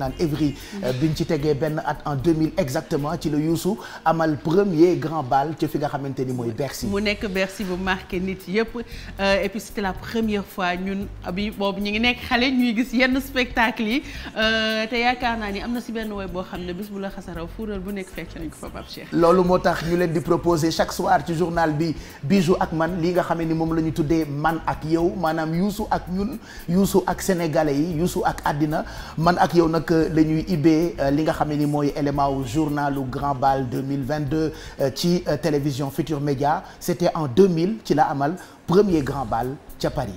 naan Evry euh, biñ ci tegee benn at en 2000 exactement ci la Youssou amal premier grand bal ci fi nga xamante ni mooy Bercy. mu nekk Bercy bu marqué nit yëpp euh, et puis c'était la première fois ñun bi boobu ñu ngi nekk xale ñuy gis yenn spectacle yi euh, te yaakaar naa ni am na si benn woy boo xam ne bis bu la xasaraw fuural bu nekk fekk nañ ko fa Pape Cheikh. loolu moo tax ñu leen di proposer chaque soir ci journal bi Bijou ak man li nga xam ne ni moom la ñu tuddee man ak yow maanaam Youssou ak ñun Youssou ak sénégalais yi Youssou ak àddina man ak yow nag nag euh, la ñuy ibbee euh, li nga xam ne ni mooy élément wu journalu Grand Bal 2022 euh, ci télévision Futur Média c'était en 2000 ci la amal premier Grand Bal ca Paris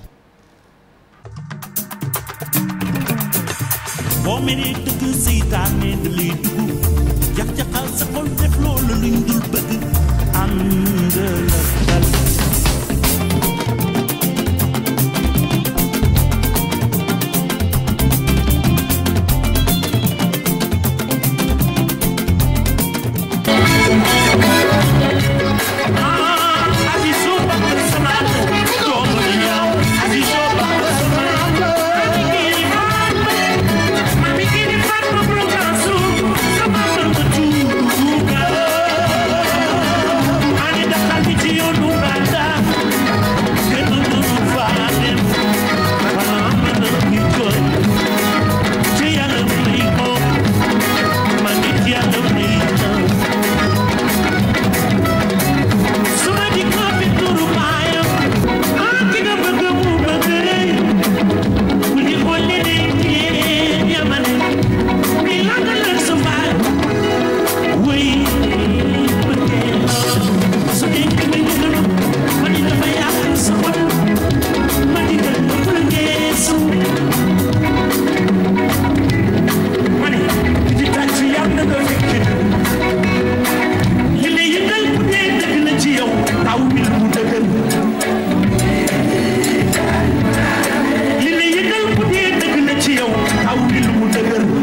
boo mënee dugg si tànnee da aw bi lu mu dëgër